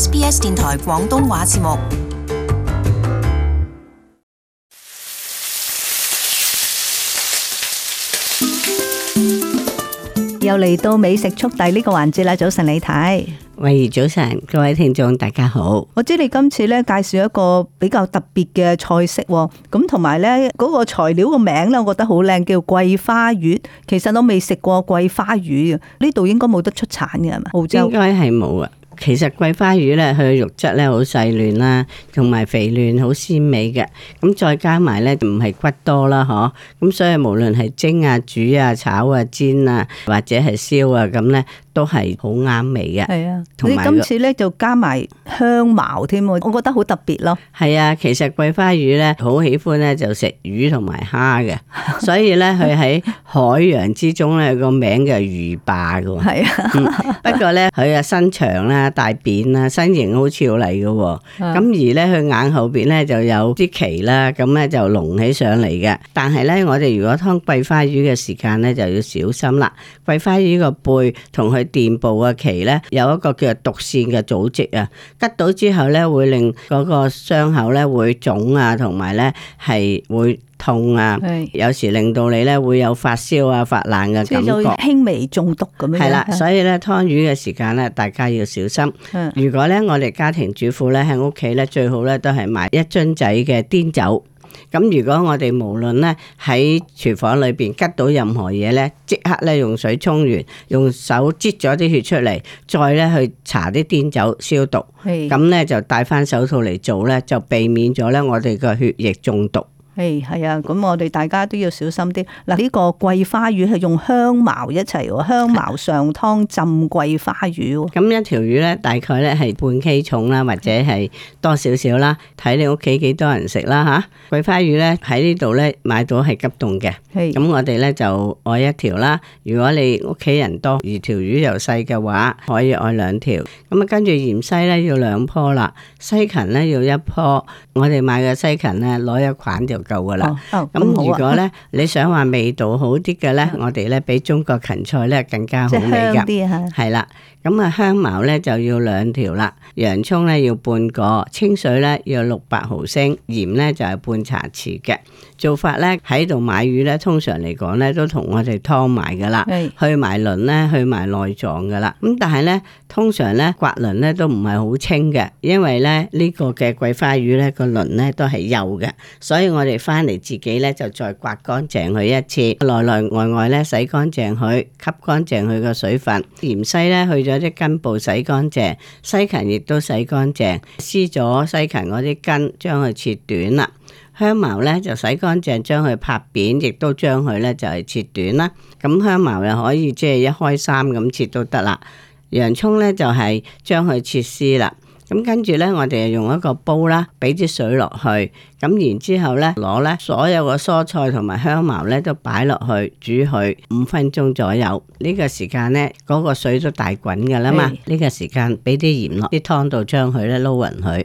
SBS 電台廣東話節目又嚟到美食速遞呢個環節啦！早晨，李太，慧怡，早晨，各位聽眾，大家好。我知你今次咧，介紹一個比較特別嘅菜式，咁同埋咧，嗰個材料個名咧，我覺得好靚，叫桂花魚。其實我都未食過桂花魚，呢度應該冇得出產嘅係嘛？澳洲應該係冇啊。其實桂花魚呢，佢肉質呢好細嫩啦，同埋肥嫩，好鮮美嘅。咁再加埋呢，唔係骨多啦，嗬。咁所以無論係蒸啊、煮啊、炒啊、煎啊，或者係燒啊，咁呢。都係好啱味嘅，係啊，你、那個、今次咧就加埋香茅添，我覺得好特別咯。係啊，其實桂花魚咧，好喜歡咧就食魚同埋蝦嘅， 所以咧佢喺海洋之中咧個名叫魚霸嘅，係是啊、 嗯。不過咧佢啊身長啦、大便啦、身形好俏麗嘅，咁 而咧佢眼後邊咧就有啲鰭啦，咁咧就隆起上嚟嘅。但係咧我哋如果劏桂花魚嘅時間咧就要小心啦，桂花魚個背同佢。電布嘅，鰭咧有一個叫做毒腺嘅組織啊，拮到之後咧會令嗰個傷口咧會腫啊，同埋咧係會痛啊，是有時令到你咧會有發燒啊、發冷嘅感覺，輕微中毒咁樣。係啦，所以咧劏魚嘅時間咧，大家要小心。的如果咧我哋家庭主婦咧喺屋企咧，最好咧都係買一樽仔嘅碘酒。咁如果我哋無論咧喺廚房裏邊吉到任何嘢咧，即刻咧用水沖完，用手擠咗啲血出嚟，再咧去搽啲碘酒消毒，咁咧是就戴翻手套嚟做咧，就避免咗咧我哋個血液中毒。誒，係啊，咁我哋大家都要小心啲。嗱，呢個桂花魚係用香茅一齊喎，香茅上湯浸桂花魚。咁、啊、一條魚呢，大概呢係半 K 重啦，或者係多，多少少啦，睇你屋企幾多人食啦嚇。桂花魚呢，喺呢度呢，買到係急凍嘅。係是，咁我哋呢，就愛一條啦。如果你屋企人多而條魚又細嘅話，可以愛兩條。咁啊，跟住芫茜呢，要兩棵啦，西芹呢，要一棵。我哋買嘅西芹呢，攞一捆條。夠噶啦，咁、oh, oh, 嗯、如果咧 你想話味道好啲嘅咧， 我哋咧比中國芹菜咧更加好味噶，係啦。 咁啊香茅咧就要兩條啦，洋蔥咧要半個，清水咧要六百毫升，鹽咧就係、是、半茶匙嘅。做法咧喺度買魚咧，通常嚟講咧都同我哋劏埋噶啦，去埋鱗咧，去埋內臟噶啦。咁但係咧，通常咧刮鱗咧都唔係好清嘅，因為咧呢、這個嘅桂花魚咧個鱗咧都係幼嘅，所以我哋翻嚟自己咧就再刮乾淨佢一次，內內外外咧洗乾淨佢，吸乾淨佢個水分，芫荽咧去。有啲根部洗乾淨，西芹亦都洗乾淨，撕咗西芹嗰啲根，將佢切短啦。香茅呢就洗乾淨，將佢拍扁，亦都將佢呢就係切短啦。咁香茅又可以即係一開三咁切都得啦。洋蔥呢就係將佢切絲啦。咁跟住呢，我哋用一個煲啦，俾啲水落去，咁然之後呢，攞呢所有嘅蔬菜同埋香茅呢都擺落去煮佢五分鐘左右。呢個時間呢，嗰個水都大滾嘅啦嘛。呢是個時間俾啲鹽落啲湯度，將佢呢撈匀佢，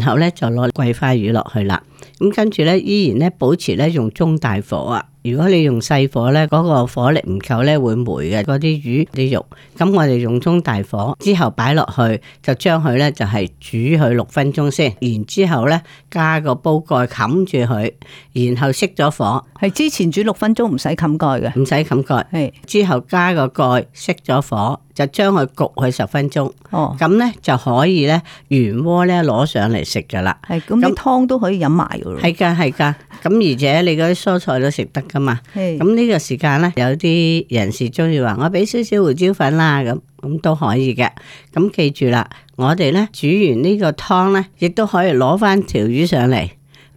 然後呢就攞桂花魚落去啦。咁跟住呢，依然呢保持呢用中大火啊。如果你用細火咧，嗰個火力唔夠咧，會霉嘅嗰啲魚啲肉。咁我哋用中大火之後擺落去，就將佢咧就係煮佢六分鐘先。然之後咧加個煲蓋冚住佢，然後熄咗火。係之前煮六分鐘唔使冚蓋嘅，唔使冚蓋。係之後加個蓋，熄咗火。就將佢焗佢十分鐘，咁咧，哦，就可以咧原鍋咧攞上嚟食噶啦。係咁啲湯都可以飲埋噶咯。係噶，係噶，咁而且你嗰啲蔬菜都食得噶嘛。咁呢個時間咧，有啲人士中意話：我俾少少胡椒粉啦，咁咁都可以嘅。咁記住啦，我哋咧煮完呢個湯咧，亦都可以攞翻條魚上嚟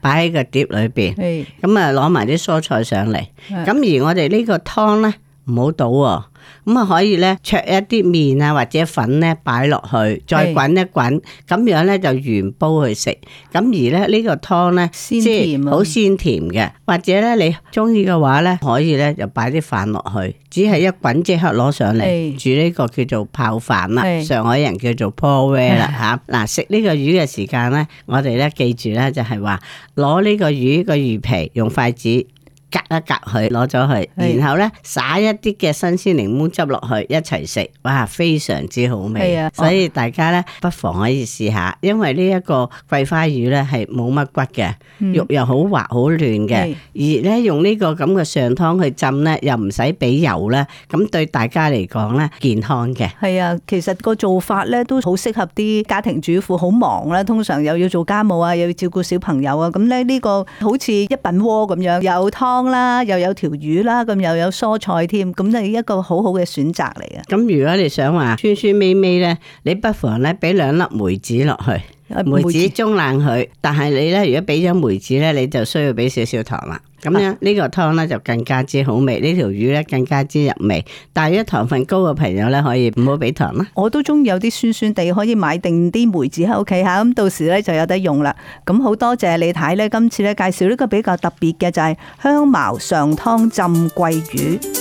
擺喺個碟裏邊。咁啊，攞埋啲蔬菜上嚟。咁的而我哋呢個湯咧唔好倒喎。咁啊可以咧，焯一啲麵啊或者粉咧，擺落去再滾一滾，咁樣咧就原煲去食。咁而咧呢個湯咧，即係好鮮甜嘅。或者咧你中意嘅話咧，可以咧就擺啲飯落去，只係一滾即刻攞上嚟煮呢個叫做泡飯啦。是的 上海人叫做 paw ware 啦吓。嗱，食呢個魚嘅時間咧，我哋咧記住咧就係話攞呢個魚個魚皮用筷子。夾一夾佢，攞咗佢，然後呢灑一啲嘅新鮮檸檬汁落去，一齊食，哇，非常之好味。係啊，所以大家呢不妨可以試下，因為呢一個桂花魚呢係冇乜骨嘅，肉又好滑好嫩嘅，而呢用呢個咁嘅上湯去浸呢，又唔使俾油呢，咁對大家嚟講呢健康嘅。係啊，其實個做法呢都好適合啲家庭主婦，好忙啦，通常又要做家務啊，又要照顧小朋友啊，咁呢呢個好似一品鍋咁樣有湯。啦，又有條魚啦，咁又有蔬菜添，咁係一個好好嘅選擇嚟嘅。咁如果你想話酸酸味味咧，你不妨咧俾兩粒梅子落去。梅子中冷佢，但係你呢，如果俾咗梅子呢，你就需要俾少少糖啦。咁樣呢個湯呢，就更加之好味，呢條魚呢，更加之入味。但係一糖分高嘅朋友呢，可以唔好俾糖啦。嗯、我都中意有啲酸酸地，可以買定啲梅子喺屋企吓，咁到時呢，就有得用啦。咁好多謝李太呢。今次呢，介紹呢個比較特別嘅就係香茅上湯浸桂魚。